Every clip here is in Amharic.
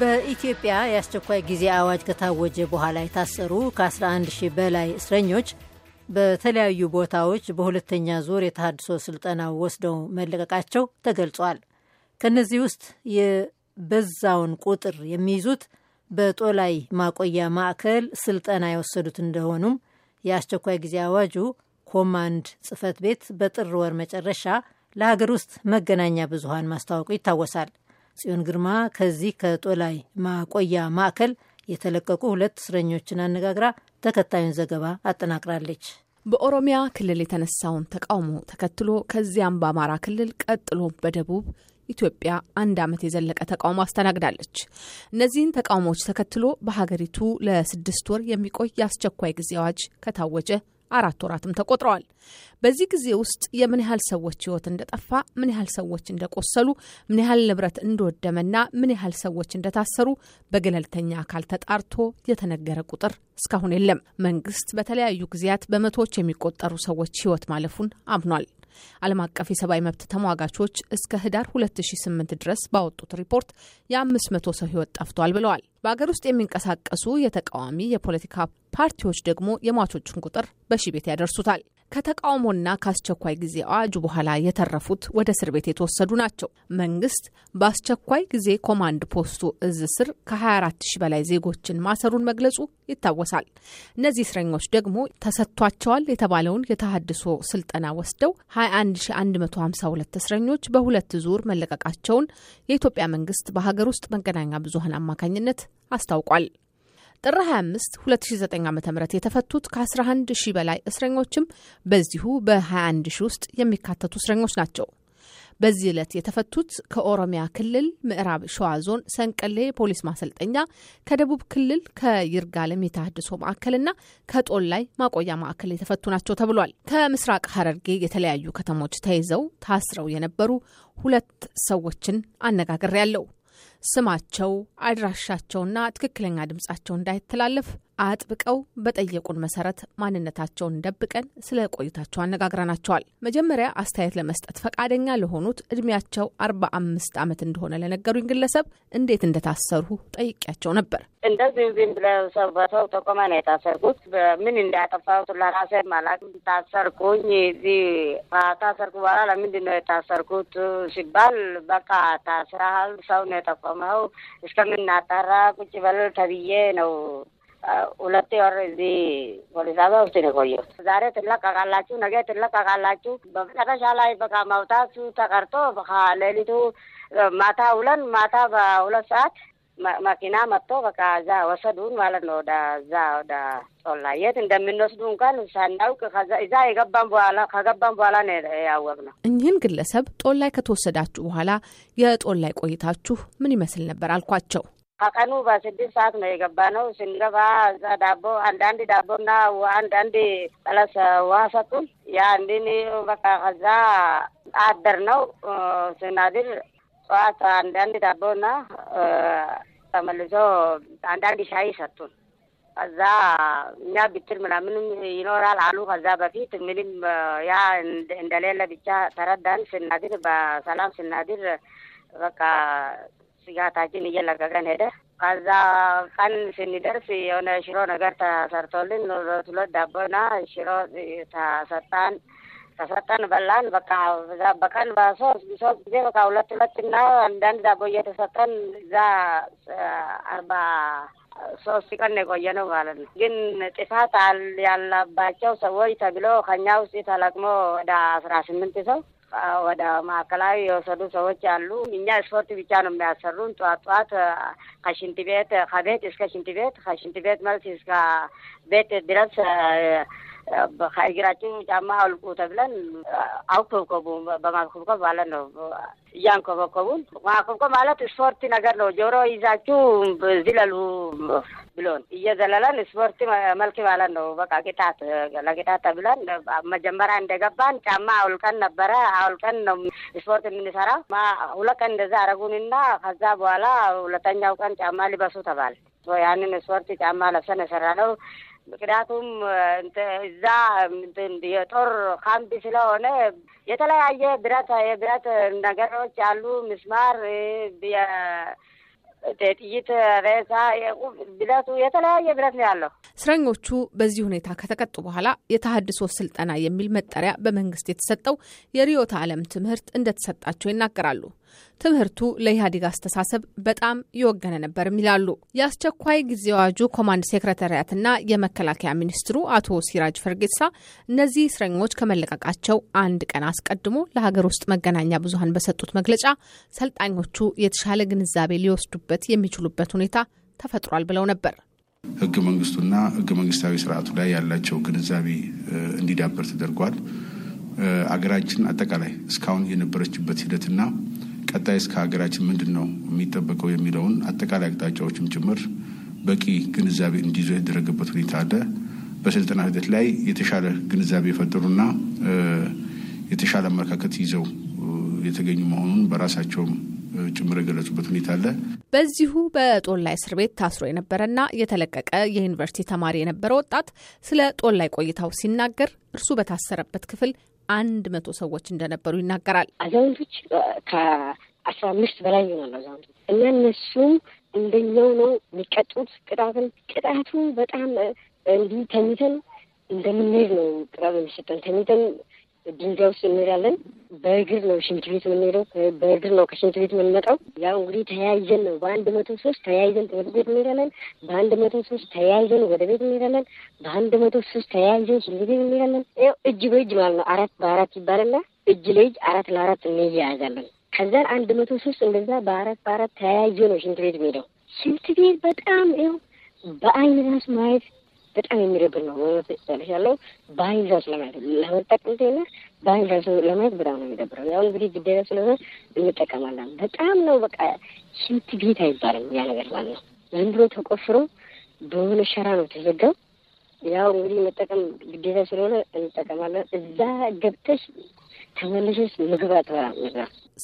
በኢትዮጵያ የአስቸኳይ ጊዜ አዋጅ ከታወጀ በኋላ የታሰሩ ከ11 ሺህ በላይ እስረኞች በተለያዩ ቦታዎች በሁለተኛ ዙር የተሃድሶ ስልጠና ወስደው መለቀቃቸው ተገልጿል። ከእነዚህ ውስጥ የበዛውን ቁጥር የሚይዙት በጦላይ ማቆያ ማዕከል ስልጠና የወሰዱት እንደሆኑም የአስቸኳይ ጊዜ አዋጁ ኮማንድ ጽህፈት ቤት በጥር ወር መጨረሻ ለሀገር ውስጥ መገናኛ ብዙሀን ማስታወቁ ይታወሳል። ጽዮን ግርማ ከዚህ ከጦላይ ማቆያ ማዕከል የተለቀቁ ሁለት እስረኞችን አነጋግራ ተከታዩን ዘገባ አጠናቅራለች። በኦሮሚያ ክልል የተነሳውን ተቃውሞ ተከትሎ ከዚያም በአማራ ክልል ቀጥሎ በደቡብ ኢትዮጵያ አንድ ዓመት የዘለቀ ተቃውሞ አስተናግዳለች። እነዚህን ተቃውሞዎች ተከትሎ በሀገሪቱ ለስድስት ወር የሚቆይ የአስቸኳይ ጊዜ አዋጅ ከታወጀ አራት ወራትም ተቆጥረዋል። በዚህ ጊዜ ውስጥ የምን ያህል ሰዎች ህይወት እንደጠፋ፣ ምን ያህል ሰዎች እንደቆሰሉ፣ ምን ያህል ንብረት እንደወደመና ምን ያህል ሰዎች እንደታሰሩ በገለልተኛ አካል ተጣርቶ የተነገረ ቁጥር እስካሁን የለም። መንግስት በተለያዩ ጊዜያት በመቶዎች የሚቆጠሩ ሰዎች ህይወት ማለፉን አምኗል። ዓለም አቀፍ የሰብአዊ መብት ተሟጋቾች እስከ ህዳር 2008 ድረስ ባወጡት ሪፖርት የ500 ሰው ህይወት ጠፍቷል ብለዋል። በሀገር ውስጥ የሚንቀሳቀሱ የተቃዋሚ የፖለቲካ ፓርቲዎች ደግሞ የሟቾችን ቁጥር በሺ ቤት ያደርሱታል። ከተቃውሞና ከአስቸኳይ ጊዜ አዋጁ በኋላ የተረፉት ወደ እስር ቤት የተወሰዱ ናቸው። መንግስት በአስቸኳይ ጊዜ ኮማንድ ፖስቱ እዝ ስር ከ24 ሺህ በላይ ዜጎችን ማሰሩን መግለጹ ይታወሳል። እነዚህ እስረኞች ደግሞ ተሰጥቷቸዋል የተባለውን የተሃድሶ ስልጠና ወስደው 21152 እስረኞች በሁለት ዙር መለቀቃቸውን የኢትዮጵያ መንግስት በሀገር ውስጥ መገናኛ ብዙሀን አማካኝነት አስታውቋል። ጥር 25 2009 ዓ ም የተፈቱት ከ11 ሺህ በላይ እስረኞችም በዚሁ በ21 ሺህ ውስጥ የሚካተቱ እስረኞች ናቸው። በዚህ ዕለት የተፈቱት ከኦሮሚያ ክልል ምዕራብ ሸዋ ዞን ሰንቀሌ ፖሊስ ማሰልጠኛ፣ ከደቡብ ክልል ከይርጋለም የተሃድሶ ማዕከልና ላይ ማቆያ ማዕከል የተፈቱ ናቸው ተብሏል። ከምስራቅ ሐረርጌ የተለያዩ ከተሞች ተይዘው ታስረው የነበሩ ሁለት ሰዎችን አነጋግሬ ያለው ስማቸው፣ አድራሻቸውና ትክክለኛ ድምጻቸው እንዳይተላለፍ አጥብቀው በጠየቁን መሰረት ማንነታቸውን ደብቀን ስለ ቆይታቸው አነጋግረናቸዋል። መጀመሪያ አስተያየት ለመስጠት ፈቃደኛ ለሆኑት እድሜያቸው አርባ አምስት ዓመት እንደሆነ ለነገሩኝ ግለሰብ እንዴት እንደታሰሩ ጠይቄያቸው ነበር። እንደዚህ ዝም ብለው ሰው በሰው ተቆመ ነው የታሰርኩት። በምን እንዳጠፋሁት ለራሴ አላውቅም። ታሰርኩኝ። እዚህ ታሰርኩ በኋላ ለምንድን ነው የታሰርኩት ሲባል በቃ ታስራሃል፣ ሰው ነው ቆመው እስከምናጠራ ቁጭ በል ተብዬ ነው ሁለቴ ወር እዚህ ፖሊስ ጣቢያ ውስጥ ነው የቆየሁት። ዛሬ ትለቀቃላችሁ፣ ነገ ትለቀቃላችሁ። በመጨረሻ ላይ በቃ መውጣቱ ተቀርቶ ሌሊቱ ማታ ውለን ማታ በሁለት ሰዓት መኪና መጥቶ በቃ እዛ ወሰዱን ማለት ነው። ወደዛ ወደ የት እንደምንወስዱ እንኳን ሳናውቅ እዛ የገባን በኋላ ከገባን በኋላ ነው ያወቅነው። እኚህን ግለሰብ ጦላይ ከተወሰዳችሁ በኋላ የጦላይ ቆይታችሁ ምን ይመስል ነበር አልኳቸው። ከቀኑ በስድስት ሰዓት ነው የገባ ነው። ስንገባ እዛ ዳቦ አንዳንድ ዳቦና አንዳንድ ጠለስ ውሃ ሰጡን። ያ እንዲን በቃ ከዛ አደር ነው ስናድር ጠዋት አንዳንድ ዳቦና ተመልሶ አንዳንድ ሻይ ሰጡን። ከዛ እኛ ብትል ምናምንም ይኖራል አሉ። ከዛ በፊት ምንም ያ እንደሌለ ብቻ ተረዳን። ስናድር በሰላም ስናድር በቃ ስጋታችን እየለቀቀን ሄደ። ከዛ ቀን ስንደርስ የሆነ ሽሮ ነገር ተሰርቶልን ሁለት ዳቦና ሽሮ ተሰጣን። ተሰጠን በላን። በቃ እዛ በቀን በሶስት ሶስት ጊዜ በቃ ሁለት ሁለት እና አንዳንድ ዳቦ እየተሰጠን እዛ አርባ ሶስት ቀን የቆየ ነው ማለት ነው። ግን ጥፋት ያላባቸው ሰዎች ተብሎ ከኛ ውስጥ ተለቅሞ ወደ አስራ ስምንት ሰው ወደ ማዕከላዊ የወሰዱ ሰዎች አሉ። እኛ ስፖርት ብቻ ነው የሚያሰሩን። ጠዋት ጠዋት ከሽንት ቤት ከቤት እስከ ሽንት ቤት ከሽንት ቤት መልስ እስከ ቤት ድረስ በሀይግራችን ጫማ አውልቁ ተብለን አውኮብኮቡ በማኮብኮብ ማለት ነው። እያንኮበኮቡን ማኮብኮብ ማለት ስፖርት ነገር ነው። ጆሮ ይዛችሁ ዝለሉ ብሎን እየዘለለን ስፖርት መልክ ማለት ነው። በቃ ቅጣት ለቅጣት ተብለን መጀመሪያ እንደገባን ጫማ አውልቀን ነበረ። አውልቀን ነው ስፖርት የምንሰራ። ሁለት ቀን እንደዛ አረጉንና ከዛ በኋላ ሁለተኛው ቀን ጫማ ሊበሱ ተባል። ያንን ስፖርት ጫማ ለብሰን የሰራ ነው ምክንያቱም እዛ የጦር ካምፕ ስለሆነ የተለያየ ብረት የብረት ነገሮች አሉ፣ ምስማር፣ ጥይት፣ ሬሳ፣ ብረቱ የተለያየ ብረት ነው ያለው። እስረኞቹ በዚህ ሁኔታ ከተቀጡ በኋላ የተሀድሶ ስልጠና የሚል መጠሪያ በመንግስት የተሰጠው የርዕዮተ ዓለም ትምህርት እንደተሰጣቸው ይናገራሉ። ትምህርቱ ለኢህአዴግ አስተሳሰብ በጣም የወገነ ነበርም ይላሉ። የአስቸኳይ ጊዜ አዋጁ ኮማንድ ሴክሬታሪያትና የመከላከያ ሚኒስትሩ አቶ ሲራጅ ፈርጌሳ እነዚህ እስረኞች ከመለቀቃቸው አንድ ቀን አስቀድሞ ለሀገር ውስጥ መገናኛ ብዙኃን በሰጡት መግለጫ ሰልጣኞቹ የተሻለ ግንዛቤ ሊወስዱበት የሚችሉበት ሁኔታ ተፈጥሯል ብለው ነበር። ህገ መንግስቱና ህገ መንግስታዊ ስርዓቱ ላይ ያላቸው ግንዛቤ እንዲዳበር ተደርጓል። አገራችን አጠቃላይ እስካሁን የነበረችበት ሂደትና ቀጣይ እስከ ሀገራችን ምንድን ነው የሚጠበቀው የሚለውን አጠቃላይ አቅጣጫዎችም ጭምር በቂ ግንዛቤ እንዲይዙ የተደረገበት ሁኔታ አለ። በስልጠና ሂደት ላይ የተሻለ ግንዛቤ የፈጠሩና የተሻለ አመለካከት ይዘው የተገኙ መሆኑን በራሳቸውም ጭምር የገለጹበት ሁኔታ አለ። በዚሁ በጦላይ እስር ቤት ታስሮ የነበረና የተለቀቀ የዩኒቨርሲቲ ተማሪ የነበረ ወጣት ስለ ጦላይ ቆይታው ሲናገር እርሱ በታሰረበት ክፍል አንድ መቶ ሰዎች እንደነበሩ ይናገራል። አዛውንቶች ከአስራ አምስት በላይ ይሆናሉ አዛውንቶች እና እነሱም እንደኛው ነው የሚቀጡት። ቅጣትን ቅጣቱ በጣም እንዲህ ተኝተን እንደምንሄድ ነው ቅጣት የሚሰጠን ተኝተን ድንጋይ ውስጥ እንሄዳለን። በእግር ነው ሽንት ቤት የምንሄደው፣ በእግር ነው ከሽንት ቤት የምንመጣው። ያው እንግዲህ ተያይዘን ነው በአንድ መቶ ሶስት ተያይዘን ትምህርት ቤት እንሄዳለን። በአንድ መቶ ሶስት ተያይዘን ወደ ቤት እንሄዳለን። በአንድ መቶ ሶስት ተያይዘን ሽንት ቤት እንሄዳለን። ያው እጅ በእጅ ማለት ነው። አራት በአራት ይባላልና እጅ ለእጅ አራት ለአራት እንያያዛለን። ከዛን አንድ መቶ ሶስት እንደዛ በአራት በአራት ተያይዞ ነው ሽንት ቤት የሚሄደው። ሽንት ቤት በጣም ይኸው በአይን ራስ ማየት በጣም የሚደብር ነው። በእውነት ያለሽ ያለው ባይዛች ለማየት ለመጠቀም ዜና ባይዛች ለማየት በጣም ነው የሚደብረው። ያው እንግዲህ ግዴታ ስለሆነ እንጠቀማለን። በጣም ነው በቃ ሽንት ቤት አይባልም ያ ነገር ማለት ነው። ዘንድሮ ተቆፍሮ በሆነ ሸራ ነው ተዘጋው። ያው እንግዲህ መጠቀም ግዴታ ስለሆነ እንጠቀማለን። እዛ ገብተሽ ተመልሼ ምግብ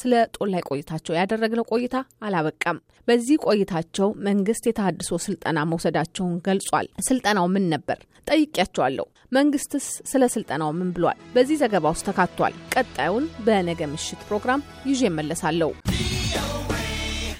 ስለ ጦላይ ቆይታቸው ያደረግነው ቆይታ አላበቃም። በዚህ ቆይታቸው መንግስት የተሃድሶ ስልጠና መውሰዳቸውን ገልጿል። ስልጠናው ምን ነበር ጠይቄያቸዋለሁ። መንግስትስ ስለ ስልጠናው ምን ብሏል? በዚህ ዘገባ ውስጥ ተካቷል። ቀጣዩን በነገ ምሽት ፕሮግራም ይዤ እመለሳለሁ።